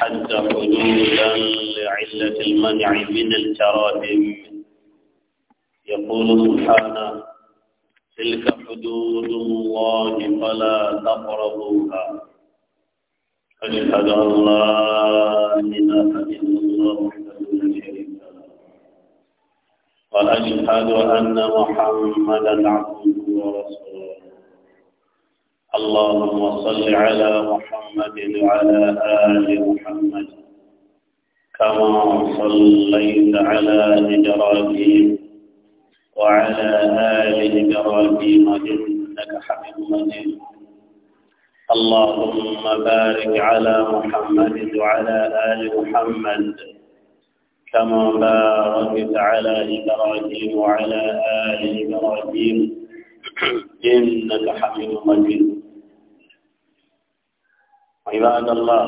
حتى حدودا لعلة المنع من الترادم يقول سبحانه تلك حدود الله فلا تقربوها أشهد أن لا إله إلا الله وحده لا شريك له وأشهد أن محمدا عبده ورسوله اللهم صل على محمد وعلى آل محمد كما صليت على إبراهيم وعلى آل إبراهيم إنك حميد مجيد اللهم بارك على محمد وعلى آل محمد كما باركت على إبراهيم وعلى آل إبراهيم إنك حميد مجيد عباد الله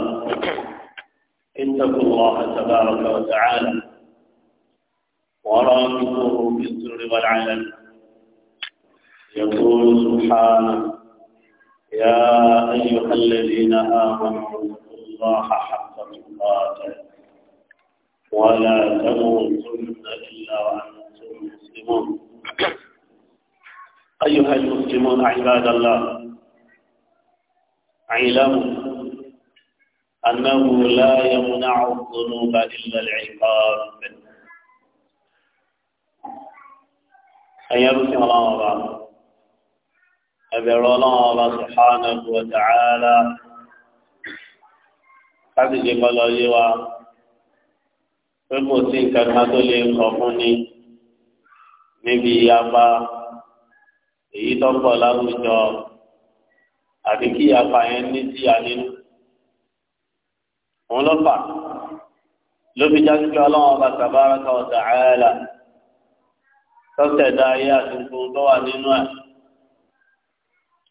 اتقوا الله تبارك وتعالى وراقبوه في السر والعلن يقول سبحانه يا أيها الذين آمنوا اتقوا الله حق تقاته ولا تموتن إلا وأنتم مسلمون أيها المسلمون عباد الله اعلموا أنه لا يمنع الذنوب إلا العقاب أيرسي الله الله أبر الله سبحانه وتعالى قد جبل يوا فقوتين كالمدل قفني نبي يابا èyí tó ń bọ̀ láwùjọ àti kí òun ló fà ló fi já sípé ọlọ́run ọba tabaraka wa ta'ala tọ́sẹ̀dá ayé àtúntún tó wà nínú ẹ̀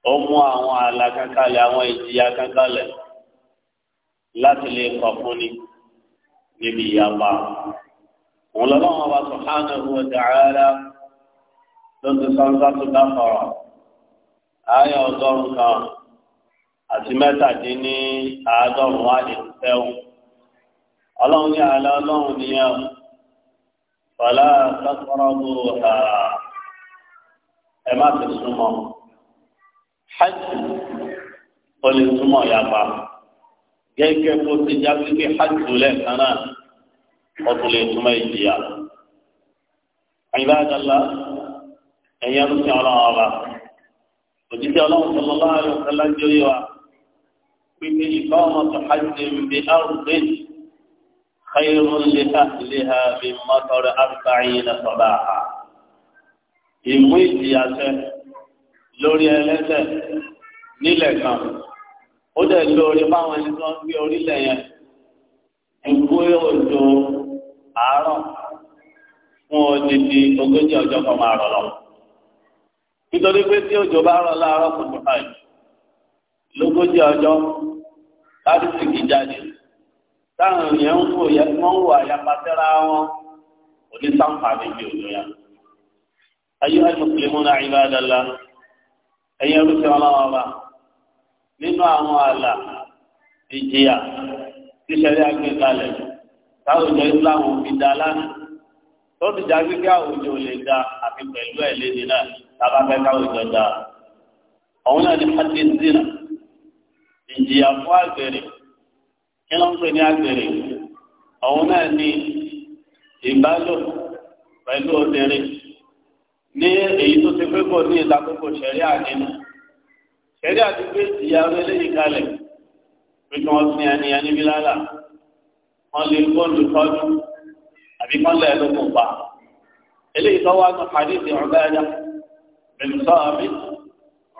ó mú àwọn ààlà kankanlẹ̀ àwọn ìjìyà kankanlẹ̀ láti lè kọ̀ fún ni níbi ìyapa òun lọ́lọ́run ọba subhanahu wa ta'ala ló ti sáńsá tó dáfọ̀rọ̀ ayé ọgọ́rùn-ún kan àti mẹ́tàdínní àádọ́rùn-ún wáyé sẹ́wọ̀n ọlọ́run ní àlá ọlọ́run nìyẹn fàlà sàkọ́rọ́bù ha ẹ má ti súnmọ́ hajj ó lè súnmọ́ yàgbà gẹ́gẹ́ bó ti jáde pé hajj lẹ́ẹ̀kan náà ó tún lè súnmọ́ ìjìyà. عباد الله أن يرسل الله وجد الله صلى الله عليه وسلم جريوا pípé ìkọ́mọ̀tò hajjin bí arúgbìn khayrun li ahliha bí mọ́tọ́rọ̀ arba'in na sabaha. ìmú ìjìyàṣẹ lórí ẹlẹ́ṣẹ̀ nílẹ̀ kan ó dẹ̀ lórí báwọn ẹni tó ń gbé orílẹ̀ yẹn ìkú òjò àárọ̀ fún odidi ogójì ọjọ́ kan máa rọ̀ lọ. nítorí pé tí òjò bá rọ̀ láàárọ̀ kùtù báyìí lógójì ọjọ́ láti kì jáde táwọn èèyàn ń wò yẹ wọn ń wò àyàpàtẹ́ra wọn òní sáǹfààní bí òjò yá. ayé àjọpìlẹ̀ mú náà ìlú àdàlà ẹ̀yẹ rúṣẹ́ ọlọ́wọ́ bá nínú àwọn àlà ìjìyà tíṣẹ̀lẹ̀ àgbékalẹ̀ táwọn ìjọ ìsìláàmù fi dá lánàá tó ti já gbígbé àwùjọ lè dá àti pẹ̀lú ẹ̀ léde náà tábàfẹ́ káwùjọ dá. àwọn náà ní pàtẹ́ zina ìjìyà fún àgbèrè kí ló ń pè ní àgbèrè ọ̀hún náà ní ìbálò pẹ̀lú obìnrin ní èyí tó ti pé kò ní ìtakókò ṣẹ̀rí àdínú ṣẹ̀rí àdínú ìjìyà eléyìí kalẹ̀ pé kí wọ́n sin ẹni ẹni bí lálà wọ́n lè gbóòlù tọ́jú àbí kán lẹ́ẹ̀ ló pa eléyìí tó wá ní hadith Ubadah bin Samit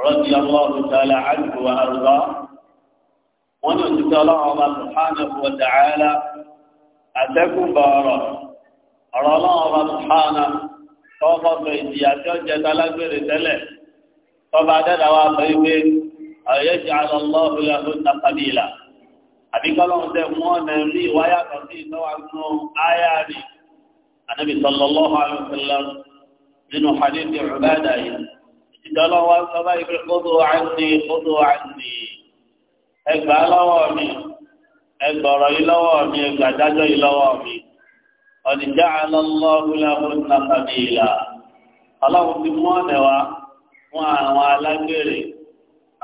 radiyallahu ta'ala anhu wa arda wọ́n ní òtítọ́ ọlọ́run ọba subhanahu wa ta'ala àtẹ́kùnbà ọ̀rọ̀ ọ̀rọ̀ ọlọ́run ọba subhanahu tọ́kọ̀ sọ ìjìyà tí ó jẹ tálágbèrè tẹ́lẹ̀ tọ́ba adẹ́dà wa sọ wípé ọ̀yẹ́ jẹ́ alọ́lọ́ ìlú ẹ̀hún nàkàlì ìlà àbíkọ́lọ́run tẹ mú ọ̀nà rí wáyà kan sí ìtọ́wà nù áyà rí ànábì sallallahu alaihi nínú hadith ẹgbà lọ́wọ́ mi ẹgbọ̀rọ̀ yìí lọ́wọ́ mi ẹgbà dájọ́ yìí lọ́wọ́ mi ọ̀dìjà alọ́lọ́hùnláhùn nàkàdé ìlà ọlọ́run ti mú ọ̀nà wa fún àwọn alágbèrè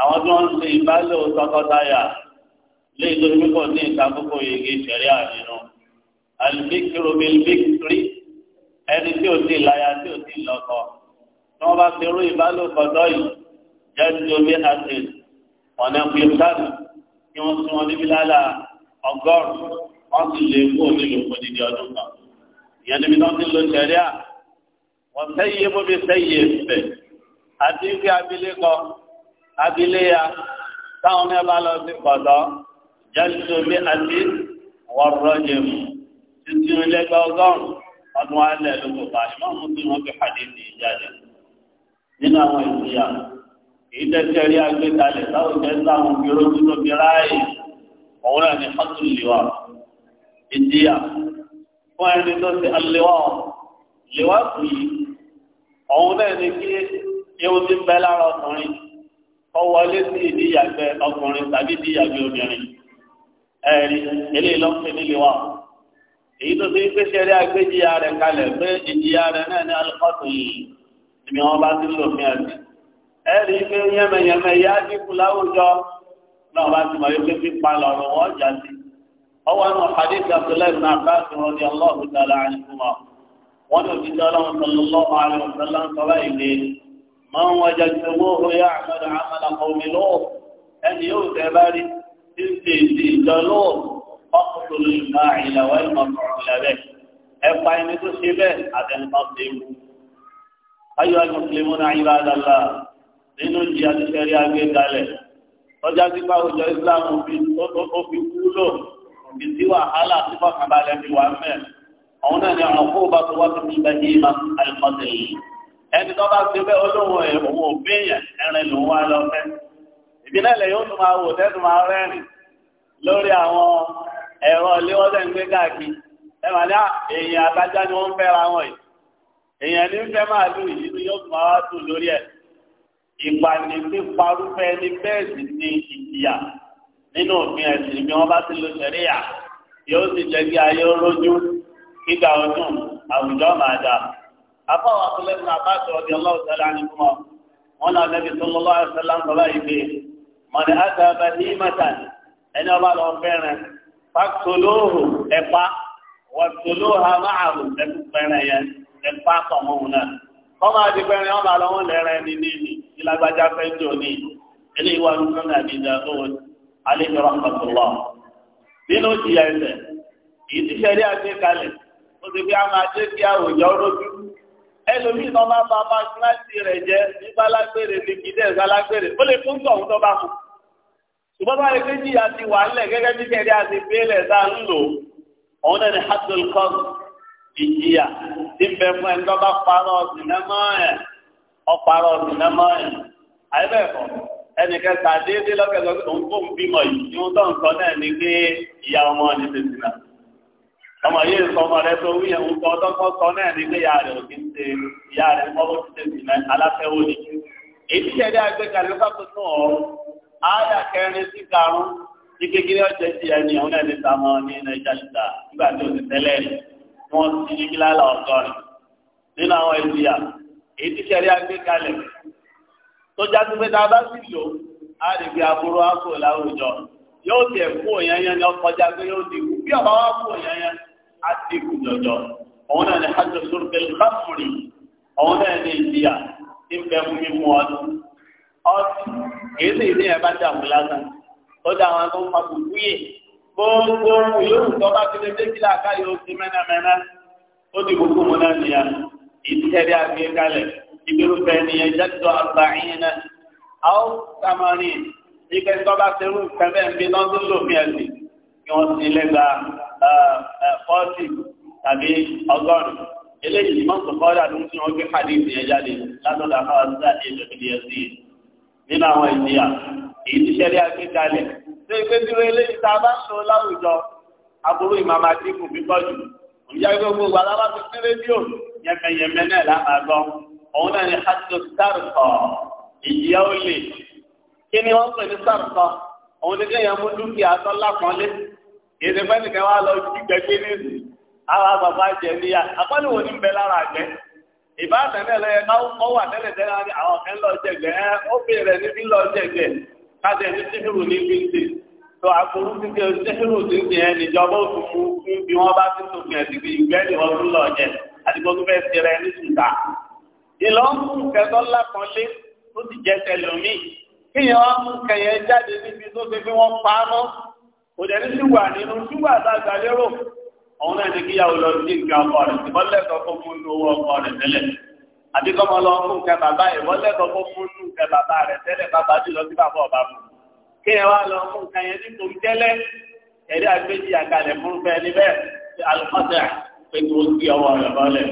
àwọn tí wọ́n ń ṣe ìbálò tọkọtaya lé ìtòjú pípọ̀ ní ìtakókò yege ìṣẹ̀rí àdínú alìbíkìrò bílbíkìrì ẹni tí ò ti láya tí ò ti lọ́kọ tí wọ́n bá ti rú ìbálòpọ̀ tọ́yì jẹ́ ti omi àti ọ̀nà pípọ̀ kí wọ́n sún wọn níbi lálá ọgọ́rùn-ún wọ́n sì lè kú onílù fún dídí ọdún kan ìyẹn níbi tó ń ti lo sẹ̀ríà wọ́n sẹ́yẹ bó fi sẹ́yẹ bẹ̀ àti fi abilékọ abiléya táwọn mẹ́fà lọ sí pọ̀tọ́ jẹ́sùn omi àti wọ́rọ́ jẹ̀mú títí ìlẹ́gbẹ̀ ọgọ́rùn ọdún alẹ́ ló kò bá ìmọ̀ mú kí wọ́n fi pàdé ìjáde nínú àwọn ìgbéyàwó ìdẹ́sẹ̀ rí agbékalẹ̀ táwọn ìdẹ́sẹ̀ táwọn obìnrin ojú tó fi ráàyè ọ̀hún náà ní fásitì lèwà ìdíyà fún ẹni tó ti àlèwà lèwà kù yìí ọ̀hún náà ní kí ewu ti bẹ́ lára ọkùnrin ọwọlé sí ìdíyàgbẹ́ ọkùnrin tàbí ìdíyàgbẹ́ obìnrin ẹ̀rí eléyìí lọ́pẹ́ nílé wa èyí tó ti pé ṣẹlẹ̀ agbéjìyà rẹ̀ kalẹ̀ pé ìjìyà rẹ̀ náà ní alùpàtó yìí ni wọ́n bá ti lò fún ẹ̀sìn ẹ̀rí pé yẹ́mẹ̀yẹ́mẹ́ yá dínkù láwùjọ náà bá ti mọ̀ yóò fi pa lọ́rọ̀ wọ́n jà sí. ọwọ́ àwọn hadith abdullahi ibn abbas rọ̀dí allahu ta'ala anhuma wọ́n ní òjijì ọlọ́run sallallahu alaihi wa sallam sọ́rọ́ ìlé máa ń wọjà tó wọ́ọ̀rọ̀ yá àmàlà àmàlà kọ̀ọ̀mì lọ́wọ́ ẹni yóò tẹ́ bá rí tí ń ṣe ìdí ìjọ lọ́wọ́ ọkùnrin nínú ìjìyà ti fẹ́ rí agbé kalẹ̀ ọjà sípà òjò Islam òfin kúlò òfin tí wàhálà sípà kàbalẹ̀ fi wà mẹ́ àwọn náà ni àwọn kó bá tó wá tó fi bẹ́ ní ìmọ̀ àìmọ́tẹ̀ yìí ẹni tó bá ti bẹ́ olóhùn ẹ̀ òun ò béèyàn ẹ̀rìn ló ń wá lọ fẹ́ ìbílẹ̀ lẹ̀ yóò tún máa wò tẹ́tù máa rẹ́rìn lórí àwọn ẹ̀rọ ilé ń gbé káàkiri ẹ̀ màá ah, ni wọ́n ń fẹ́ra wọn ni yóò tún máa wá tù lórí ẹ̀ ìpàdé parúfẹ́ ní bẹ́ẹ̀ sì ní ìjìyà nínú òfin ẹ̀sìn ibi wọ́n bá ti lo sẹ̀ríyà yóò sì jẹ́ kí ayé rójú kíkà ọdún àwùjọ máa dà. akọlẹ́sìn àbáṣọ ọdí ọlọ́run sẹ́lá ní fún ọ wọn náà lẹ́bi sọlọ́lọ́ àṣẹlá ń bọ́lá ìgbé mọ̀nì àtàbà ní mẹ́ta ẹni ọba lọ fẹ́ràn ẹ̀pá ẹ̀kú fẹ́ràn yẹn ẹ̀pá kọ́má ti fẹ́rin ọba lọ́wọ́ lẹ́rẹ̀ ẹni níbi ìlàgbájá fẹ́jọ ní ilé ìwà nǹkan àti ìjà tó wọn alẹ́jọ́ rahmatullah nínú ìjìyà ẹsẹ̀ èyí ti ṣẹlẹ̀ àti kalẹ̀ ó ti fi àwọn ajé kí àwòjọ rójú ẹlòmíì tó bá bá bá kíláàsì rẹ̀ jẹ́ nípa lágbèrè ní kìdẹ́ ẹ̀ka lágbèrè ó lè fún tọ̀hún tó bá fún ṣùgbọ́n bá rẹ̀ pé jìyà ti gẹ́gẹ́ bí ṣẹlẹ̀ àti pé lẹ̀ ń lò ọ̀hún náà ni hasil kọ́sù ìjìyà tí ń bẹ fún ẹni tó bá parọ́ ọ̀sìn náà mọ́ ẹ̀ ọ̀parọ́ ọ̀sìn náà mọ́ ẹ̀ àyẹ̀bẹ̀kọ̀ ẹnìkan sàdéédé lọ́kẹ̀lọ́ òun tó ń bímọ yìí ni wọ́n tó ń sọ náà ní pé ìyá ọmọ ní tètè náà ọmọ yìí sọ ọmọ rẹ tó wí ẹ̀hún tó ọdọ́ kọ́ sọ náà ní pé ìyá rẹ̀ ò kí ń ṣe ìyá rẹ̀ mọ́ ti tètè náà aláfẹ́wò ni èyí ṣẹ̀dá àgbékalẹ̀ fàkóso ọ̀ áyà kẹrin sí karùn-ún ní kékeré ọ̀jẹ̀ ti ẹni ọ̀hún ẹni sàmọ́ ní nàìjíríà nígbà tí ó wọ́n ti ní kíláàlà ọ̀gọ́rin nínú àwọn ìjìyà èyí tí sẹ́rí agbékalẹ̀ tó jáde pé tá a bá sì lò á lè fi aburú ápò láwùjọ yóò tiẹ̀ kú òyányán ní ọkọjá pé yóò ti kú bí ọba wa kú òyányán á ti kú jọjọ òun náà ní hajj sórúkẹ lùkàmùrì òun náà ní ìjìyà tí ń bẹ fún mímú ọdún ọtí èyí sì ní ẹ bá dàmú lásán ó dá àwọn tó ń fa gbogbo ohun yòówù tó bá ti lè dé kí làákà yóò ti mẹ́nàmẹ́nà ó di gbogbo mu náà nìyà ìtẹ́rí àgbẹ̀ kalẹ̀ ìgbérúfẹ́ nìyẹn jẹ́tọ̀ àgbàyìn náà àwọn sàmárì ìgbẹ́ tó bá ti rú kẹ́fẹ́ ń bí lọ́dún lófin ẹ̀sìn kí wọ́n ti lè gba fọ́ọ̀tì tàbí ọgọ́rùn-ún eléyìí máa ń sọ̀kọ́ dà ló ń fi hàn pé hadith yẹn jáde látọ̀dà fáwọn sáà ìjọba ìdíyẹsí nínú àwọn ìdíyà èyí ti ṣẹlẹ̀ àgbẹ̀ ṣé ìpè tí wọ́n eléyìí tá a bá ń sọ láwùjọ aburú ìmàmà tí kò ìyá ìgbẹ́ gbogbo aláwa ti sí rédíò yẹmẹyẹmẹ náà lámàgbọ́ òun náà ni hajjọ sárùkọ ìyá ó lè kí ni wọ́n pè ní òun kéèyàn mú dúkìá tọ́ lápọ́nlé lọ sí bàbá jẹ níyà bẹ lára jẹ wà tẹ́lẹ̀ tẹ́lẹ̀ àwọn ó bèèrè káṣí ẹni síhìrù ní bíntì tó àkùrú títí síhìrù tí ń ti ẹ níjọba òtún mú fún bí wọn bá ti tó kìí ẹsìn ìgbẹ́ ni wọn tún lọ jẹ àdìgbò tó fẹ́ ṣe rẹ ní sùdà. ìlọ́nkùn kẹtọ́ lápọ̀lé tó ti jẹ tẹlomi kíyàn wọn mú kẹyẹ jáde níbi tó ṣe fi wọn pa á mọ́ kò dẹ̀ ní ṣùgbà nínú ṣùgbà tá a gbà lérò ọ̀hún náà ní kíyàwó lọ sí ìgbà ọkọ rẹ̀ àbí kọ́ mọ́ lọ fún nǹkan bàbá yìí wọ́n lẹ́kọ̀ọ́ kó fún nǹkan bàbá rẹ̀ tẹ́lẹ̀ bàbá jùlọ sí bàbá ọ̀bá mu kí ẹ wá lọ fún nǹkan yẹn nítorí tẹ́lẹ̀ ẹ̀rí àgbéjì àkàlẹ̀ fún bẹ́ẹ̀ níbẹ̀ alùpàdà pé kí wọ́n gbé ọwọ́ rẹ̀ bọ́lẹ̀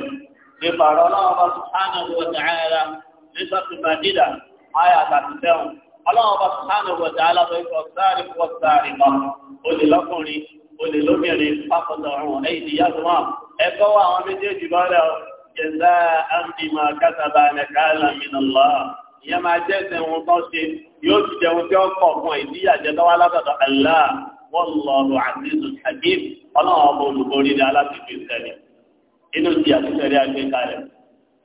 nípa ọ̀rọ̀ náà wọ́n subhanahu wa ta'ala nípa tìmọ̀dídà ayà àtàtìtẹ́wọ̀n ọlọ́wọ́n jazā'an bimā kasabā nakālan min Allāh ìyẹn máa jẹ́ ẹsẹ̀ wọn tó ṣe yóò ti jẹun tí ó kọ̀ fún ìdíyà jẹ́tọ́ wá látọ̀dọ̀ Allah wallahu azizun hakim ọlọ́run ọmọ olùborí ni alábìbí ìṣẹ̀lẹ̀ inú ti àtúnṣẹ̀lẹ̀ àgbékalẹ̀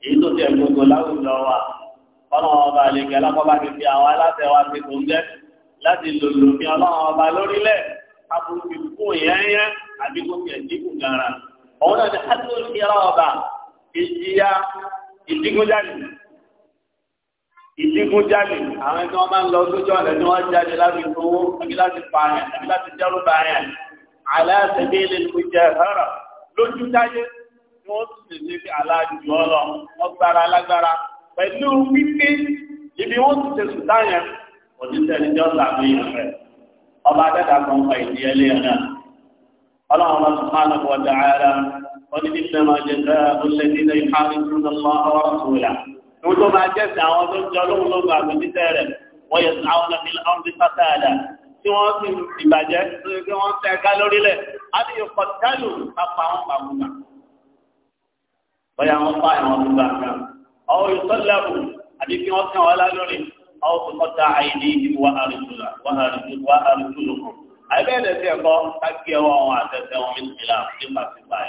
èyí tó ti ẹ̀gbọ́gbọ́ láwùjọ wa ọlọ́run ọba àlejò tó ń fi kún ọba ìjìyà ìdígunjalè ìdígunjalè àwọn ẹni wọn máa ń lọ sójú ọ̀nà ni wọ́n jáde láti gbowó àbí láti pààyàn àbí láti dẹ́rù bààyàn aláṣẹ́bí ilé ìkújẹ ẹ̀rọ lójú táyé ni wọ́n sì lè fi aláàjù ọlọ ọgbàrá alágbára pẹ̀lú wípé ibi wọ́n ti ṣe sùn táyẹn òṣìṣẹ́ ìjọ sàbí ìfẹ́ ọba adẹ́ta kan fa ìdíyẹlé náà ọlọ́run ọmọ sùn máa ń lọ wọ́n ní ìnáma jẹ̀dá ọlẹ́dí náà ìhárí fún ọmọ ọ̀rọ̀ sùúrà. Ìwọ́n tó máa jẹ́ sí àwọn tó ń jẹ ọlọ́run ló gbà mí títẹ́ rẹ̀ wọ́n yẹ àwọn ọmọ ilé pátá àdá tí wọ́n sì ìbàjẹ́ tí wọ́n tẹ ká lórílẹ̀ àti ìkọ̀ tẹ́lù pápá wọn pàmùgbà. Bọ́yá wọn fá àwọn ọmọgbà kan. Ọwọ́ ìsọ́lẹ̀bù àti kí wọ́n kàn wọ́n lá tó kọ́ta àìní ìwà àrùtùlà wà àrùtùlù. ká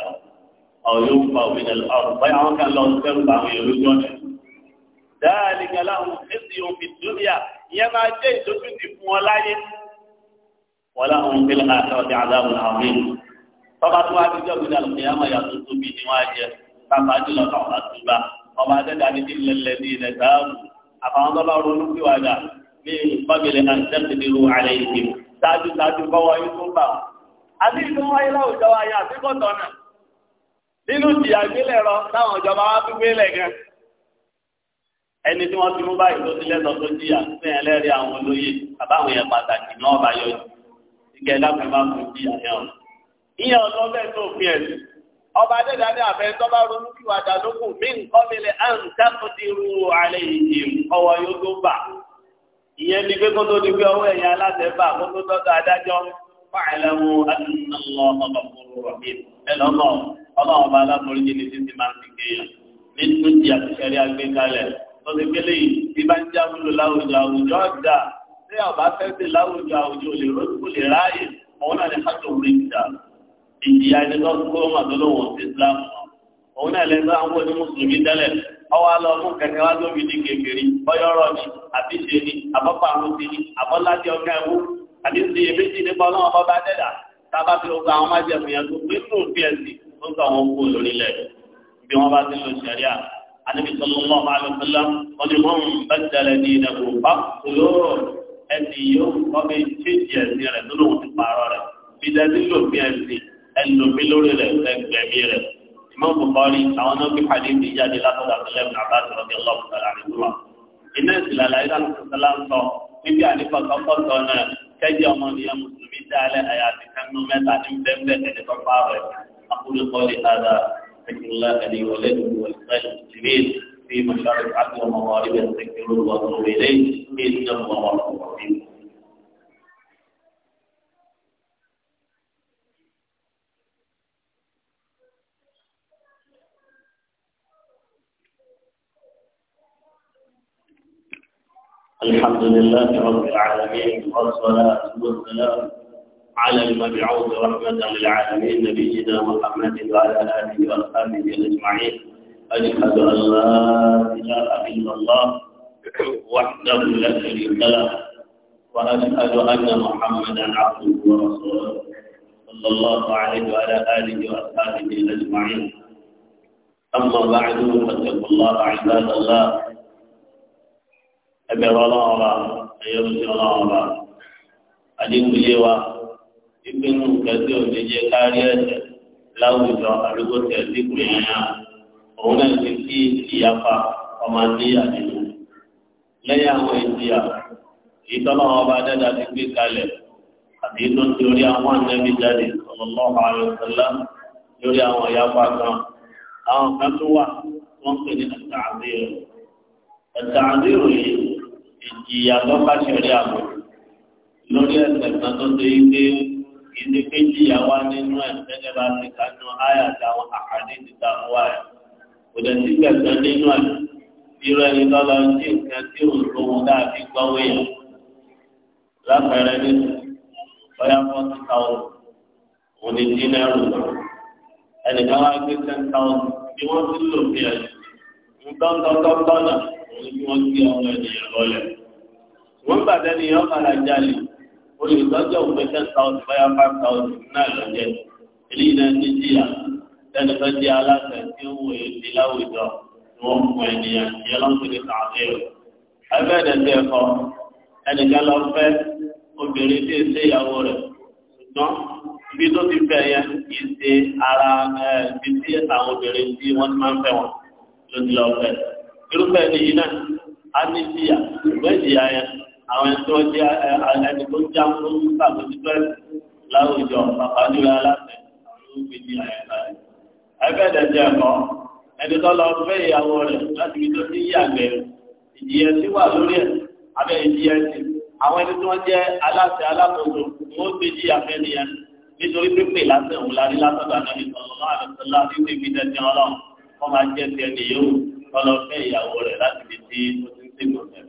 ọ̀rọ̀ yóò pa òfin ẹ̀lọ́ ọ̀rọ̀ báyà wọn kà lọ sẹ́rù bá àwọn èrò jọ ní. dáàlì gàlá òun èsì òfin dúnìyà ìyẹn máa jẹ́ ìdójútì fún wọn láyé. wọ́n láwọn ń gbélé àtọ́jú aláwọ̀ àwọn èèyàn. tọ́ba tó wá dídọ́ gbé dàlù ní àmọ́ yàtọ̀ tóbi ni wọ́n jẹ pápá jùlọ káwọn àtúbà ọba adẹ́dá ní ti lẹ́lẹ́ ní ilẹ̀ dáàbò àfàwọn tọ́ba ronú pé wàdà ní ìfọ́gẹ̀lẹ̀ àti sẹ́kìdìrú nínú ìyà ìgbélẹ̀ rọ táwọn ìjọba wa tún gbélẹ̀ gan ẹni tí wọ́n ti mú báyìí tó ti lẹ́tọ̀ọ́ tó jìyà fún ẹlẹ́rìí àwọn olóyè àbáwọn yẹn pàtàkì náà bá yọ ìgbẹ́ lápẹ́ má fún jìyà yẹn o ìyẹn ọ̀nà bẹ́ẹ̀ tó fi ẹ̀sìn ọba adédáde àfẹ́ntọ́ bá ronú kí wàá dà lókun mí nǹkan mi lè à ń kápẹ́tìrú alẹ́ yìí ọwọ́ yóò tó bà ìyẹn ní pé kótó di pé ọwọ́ ẹ̀yìn aláṣẹ bà kótó dọ́tọ̀ adájọ́ fàìlẹ́wò ọlọ́run ọba aláforíjì ní títí máa ń ti kéèyàn ní túnjì àtìkẹ́rí agbékalẹ̀ lọ́sẹ̀ kélé yìí bí bá ń já wúlò láwùjọ àwùjọ ọ̀dà tí ọba fẹ́ sí láwùjọ àwùjọ lè rọ́sùkú lè ráàyè òun náà ní hajj orí ìjà ìjìyà ẹni tó kó màdúlówó sí Islam òun náà lè sọ àwọn oní mùsùlùmí tẹ́lẹ̀ ọwọ́ alọ́ fún kẹ̀kẹ́ wá tóbi ní kékeré bọ́yọ́rọ́ ni àbíṣe ni àbọ́pọ̀ àwọn ti ni àbọ́ládé ọ̀gá ẹ̀wú àbí ti èméjì nípa ọlọ́run ọba dẹ́dà tábà fi àwọn májẹ̀mú yẹn tó gbé fún òfin ẹ̀sìn ó kà wọ́n kú lórílẹ̀ bí wọ́n bá ti lọ sẹ́ríà anabi sallallahu alayhi wa sallam wọ́n ní wọ́n bẹ́tẹ̀lẹ̀ ní ìdàgbò bá kúló ẹni yóò wọ́n fi chíjì ẹ̀sìn rẹ̀ tó lóun ti pààrọ̀ rẹ̀ bí dẹ́sí ló fi ẹ̀sìn ẹlòmí lórí rẹ̀ ẹgbẹ̀mí rẹ̀ ìmọ̀ bùkọ́rí àwọn náà fi pàdé ìdí jáde látọ̀dọ̀ àtúnlẹ̀ nàbà sọ̀rọ̀ bí ọlọ́ọ̀kú níbi àdìpọ̀ kọ́kọ́ náà kẹ́jì ọmọ nìyẹn mùsùlùmí dálẹ̀ àyàtì kan nù mẹ́ta ní bẹ́ẹ̀ bẹ́ẹ̀ ẹ̀dẹ́gbọ́n pààrọ̀ ẹ̀sìn أقول قولي هذا أستغفر الله لي ولكم ولسائر المسلمين في مشارق العقل ومغاربه أستغفروه وأتوب إليه إنه الله الغفور الرحيم الحمد لله رب العالمين والصلاة والسلام على المبعوث رحمة للعالمين نبينا محمد وعلى آله وأصحابه أجمعين أشهد أن لا إله إلا الله وحده لا شريك له وأشهد أن محمدا عبده ورسوله صلى الله عليه وعلى آله وأصحابه أجمعين أما بعد فاتقوا الله عباد الله أبي الله أيها الله أدين بجوا ìpinnu nǹkan tí ò ní jẹ́ kárí ẹ̀sẹ̀ láwùjọ àdúgbò tẹ̀ síkù yẹn òun náà ti kí ìyapa ọmọ ní àdìmú. lẹ́yìn àwọn ìjìyà ìtọ́nà ọba dẹ́dà ti gbé kalẹ̀ àti tó ti orí àwọn ànábì jáde sallallahu alaihi wasallam lórí àwọn ìyapa kan àwọn kan tó wà wọ́n pè ní àtàdéèrò àtàdéèrò yìí ìjìyà tó bá àbò lórí ẹsẹ̀ kan tó ṣe é gbé ìdí kejì àwa nínú ẹ̀ gẹ́gẹ́ bá ti kà nínú àyà àti àwọn àkàdé ti ta wá ẹ̀ kò dẹ̀ sí kẹsàn-án nínú ẹ̀ irú ẹni lọ́lọ́ sí nǹkan tí ò ń lówó dàbí gbọ́wé yẹn lápẹẹrẹ ní ọyá fọ́tí táwọn òní dínẹ́rù ẹnìkan wá gbé ten thousand bí wọ́n ti lò bí ẹ̀ ń òní bí wọ́n gbé ọmọ ènìyàn lọ́lẹ̀ wọ́n gbàdé nìyẹn padà jalè olùdókòjọ òfin ten thousand báyà five thousand náà lọ jẹ eléyìí náà ti jìyà lẹnu fẹẹ di aláṣẹ tí ó wòye di láwùjọ tí wọn fún ènìyàn tí ọlọ́pàá ti kà á lé o ẹgbẹ́ ẹ̀dẹ̀tẹ̀ ẹ̀kọ́ ẹnìkan lọ fẹ́ obìnrin tí ń ṣe rẹ̀ ṣùgbọ́n ibi tó ti fẹ́ yẹn kì í ṣe ara ibi tí àwọn obìnrin tí wọ́n ti máa ń fẹ́ wọn ló ti lọ fẹ́ irúfẹ́ ẹni yìí náà á ní jìyà ìgbẹ́ ìjìyà yẹn àwọn ẹni tó jẹ́ ẹni tó jẹ́ àwọn olùkọ́ àbójútó ẹ̀sìn láwùjọ bàbá ní ìlú aláṣẹ àwọn olùgbé ní àyẹ̀lá rẹ̀. ẹgbẹ́ ìdẹ̀jẹ̀ ẹ̀kọ́ ẹni tó lọ fẹ́ ìyàwó rẹ̀ láti fi tó sí yàgbẹ́ ìdíyẹsí wà lórí ẹ̀ abẹ́ ìdíyẹsí àwọn ẹni tó jẹ́ aláṣẹ alákòóso wọn ó gbé jí àfẹ́ nìyẹn nítorí pípé lásán òun la rí látọ̀dọ̀ àdáni sọ̀rọ̀ àdàtọ̀lá ọlọ́run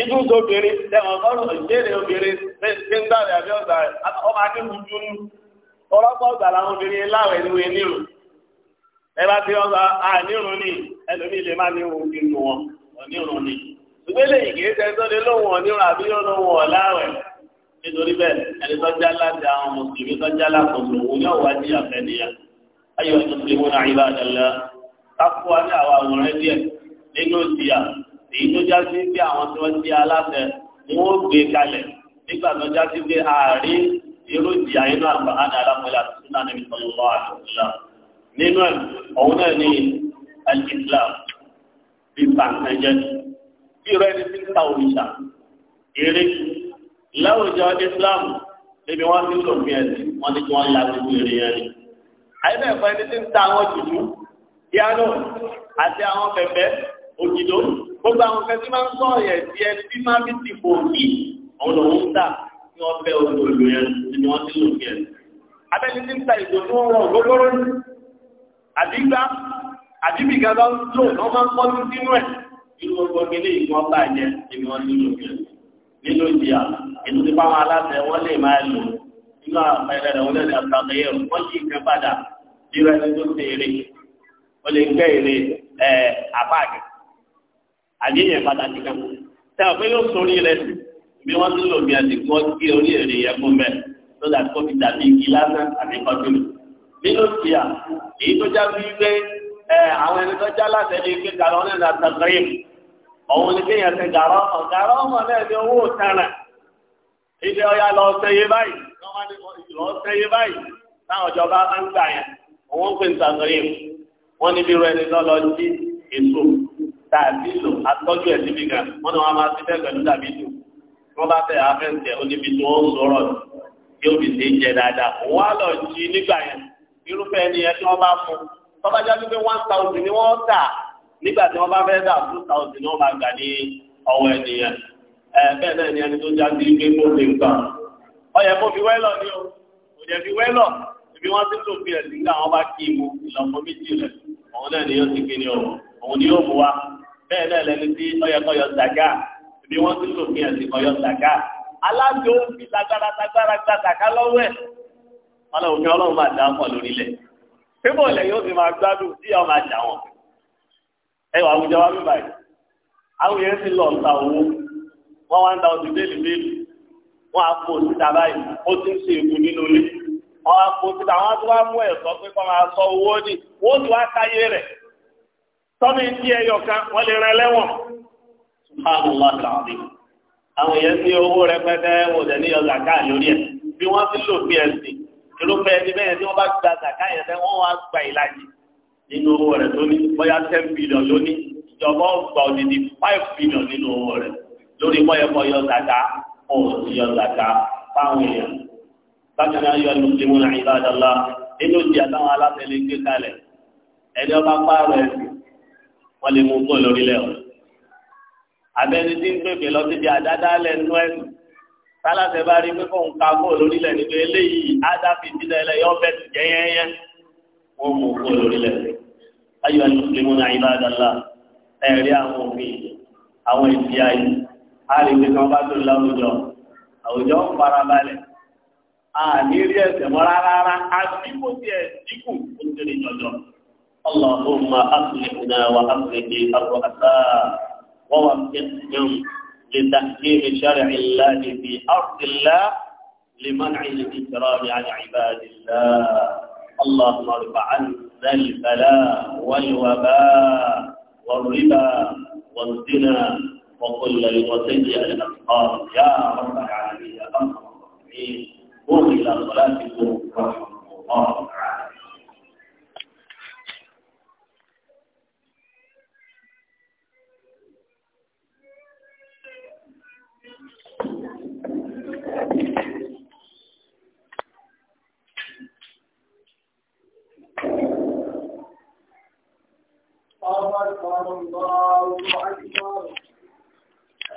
ìdú tóbìnrin tẹ̀wọ̀n fọ́rọ̀ ìbéèrè obìnrin ṣe ń gbàrẹ̀ àbí ọ̀sà rẹ̀ ọmọ akéwù dúnú ọlọ́pọ̀ ọ̀sà làwọn obìnrin láwẹ̀ ní wọn nírun ẹ bá ti ọ̀sà ànírun ni ẹlòmíì lè má ní òun ti nù wọn ọ̀nírun ni ìgbélé ìgbé tẹ́sọ́dé lóhùn ọ̀nírun àbí ọ̀nàwọ̀ láwẹ̀ nítorí bẹ́ẹ̀ ẹni sọ́jà láti àwọn mùsùlùmí sọ́jà lákòóso òun yóò wá jí àfẹ́niyà ayọ̀ ìtòsílẹ̀ wọn àyíbá àdàlà káfíwá ní àwọn àwòrán díẹ̀ nínú ìdíyà èyí tó já sí pé àwọn tí wọ́n ti aláṣẹ ni wọ́n gbé kalẹ̀ nígbà tó já sí pé ààrin irú ìjìyà inú àgbà ádá alámọ̀lá tuntun náà níbi tó ń lọ àtúnṣe nínú ẹ̀ ọ̀hún náà ní al-Islam bí pàǹtẹ̀jẹ́ bí rẹ̀ ní sí ta òrìṣà eré láwùjọ Islam níbi wọ́n ti ń lò fún ẹ̀sìn wọ́n ní kí gbogbo èrè yẹn ni. àyẹ̀bẹ̀ ẹ̀fọ́ ẹni tí ń ta àwọn jùjú piano àti àwọn bẹ̀bẹ̀ òjìdó gbogbo àwọn kan tí máa ń sọ ọ̀yẹ̀ tí ẹ fi máa fi ti bò kí àwọn òun ń tà ní wọn fẹ́ olóòlù yẹn ni wọ́n ti lò fi ẹ̀. abẹ́ni ti ń ta ìgò tó ń rọ ògógóró àdígbà àdíbì kan lọ lò lọ́ máa ń pọ́ sí sínú ẹ̀ nínú gbogbo ilé ìgbọ́n bá jẹ ni wọ́n ti lò fi ẹ̀. nínú ìjìyà ètò ti bá wọn aláṣẹ wọn lè máa lò nínú àpẹẹrẹ rẹ wọn lè lè àtàkẹyẹ àbí èèyàn pàtàkì kan tẹ ọ pé yóò sórí rẹ sí bí wọn tún lò ní àsìkò gé orí èrè yẹn fún bẹ́ẹ̀ tó dà kó fi dàbí igi lásán àbí kọtùlù nínú tìyà èyí tó já bí pé ẹ àwọn ẹni tó já láti ẹni pé kàrọ náà la tàgbéyìm òun ni kéèyàn ti gàrọ ọmọ gàrọ ọmọ náà ni owó tẹrẹ ibi ọya lọ sẹyẹ báyìí lọ sẹyẹ báyìí táwọn ìjọba bá ń gbà yẹn òun ń pè ni lọ lọ jí tá a nílò atọ́jú ẹ̀ níbi kan wọ́n ní wọ́n máa fi fẹ́ pẹ̀lú dàbí tù wọ́n bá fẹ́ afẹ́ǹtẹ̀ oníbi tí wọ́n ń sọ̀rọ̀ tí ó fi ṣe jẹ dáadáa òun á lọ jí nígbà yẹn irúfẹ́ ẹni yẹn tí wọ́n bá fún tọ́ba já pé one thousand ni wọ́n tà nígbà tí wọ́n bá fẹ́ dà two thousand ni wọ́n máa gbà ní ọwọ́ ẹnìyẹn bẹ́ẹ̀ náà ni ẹni tó já sí pé kó lè gbà ọyẹ kó fi wẹ́lọ̀ ni o kò jẹ́ fi wẹ́lọ̀ ibi wọ́n ti tó fi ẹ̀sìn ká àwọn bá kí ìmú ìlọ́pọ̀ méjì rẹ̀ òun náà ni yóò ti gbé ní ọ̀rọ̀ òun ni yóò mú wa bẹ́ẹ̀ náà lẹni tí ọyọkọyọ zaka bí wọ́n ti lò fihàn sí ọyọ zaka alájọ òfin tagbára tagbára gba zaka lọ́wọ́ ẹ̀ ọlọ́run ní ọlọ́run máa dá pọ̀ lórílẹ̀ pípọ̀ ilẹ̀ yóò fi máa gbádùn tí ọ máa dà wọ́n ẹ wà àwùjọ wa bíbá yìí àwọn yẹn ti lọ ta owó wọn wá ń ta ọtí bẹ́ẹ̀lì bẹ́ẹ̀lì wọn á kó síta báyìí ó ti ń ṣe èkó nínú ilé wọn á kó síta wọn á wá mú ẹ̀sọ́ tọ́mí tí ẹ yọ kan wọ́n lè rán ẹlẹ́wọ̀n subhanallahi alazim àwọn èèyàn ní owó rẹpẹtẹ wò dẹ̀ ní ọjà káà lórí ẹ̀ bí wọ́n ti lò bí ẹ̀sìn irúfẹ́ ẹni bẹ́ẹ̀ tí wọ́n bá gba zaka yẹn fẹ́ wọ́n wá gba ìlàjì nínú owó rẹ̀ lónìí bóyá ten billion lónìí ìjọba ọgbà òdìdí five billion nínú owó rẹ̀ lórí bọ́yẹ̀kọ́ yọ zaka òun ti yọ zaka fáwọn èèyàn bákan náà yọ mùsùlùmí náà ìbádọ́lá nínú ìdí àtàwọn alátẹ̀lé gbé kalẹ̀ ẹni ọba pààrọ̀ ẹ̀sìn wọ́n lè mú kó lórílẹ̀ o. abẹ́ni tí ń pèpè lọ síbi àdáda lẹ́nu ẹ̀sìn tálàsẹ̀ bá rí pé fóun ka kó lórílẹ̀ nígbà eléyìí ádáfì sílẹ̀ ẹlẹ́ yọ bẹ́ẹ̀ ti jẹ́yẹ́yẹ́ wọ́n mú kó lórílẹ̀. ayọ̀ alùpùpù náà ibà dàlá ẹ̀rí àwọn òfin àwọn ìdí ayé àríwé kan bá tó láwùjọ àwùjọ ń farabalẹ̀ àní rí ẹsẹ̀ mọ́ rárá àti bó tiẹ̀ dínkù ó ti rí jọjọ. اللهم أصلحنا وأصلح الرؤساء ووفقهم لتحكيم شرع الله في أرض الله لمنع الإكرام عن عباد الله اللهم ارفع عنا البلاء والوباء والربا والزنا وكل وسيء الأفكار يا رب العالمين يا أرحم الراحمين إلى صلاتكم ورحمة الله تعالى أكبر الله أكبر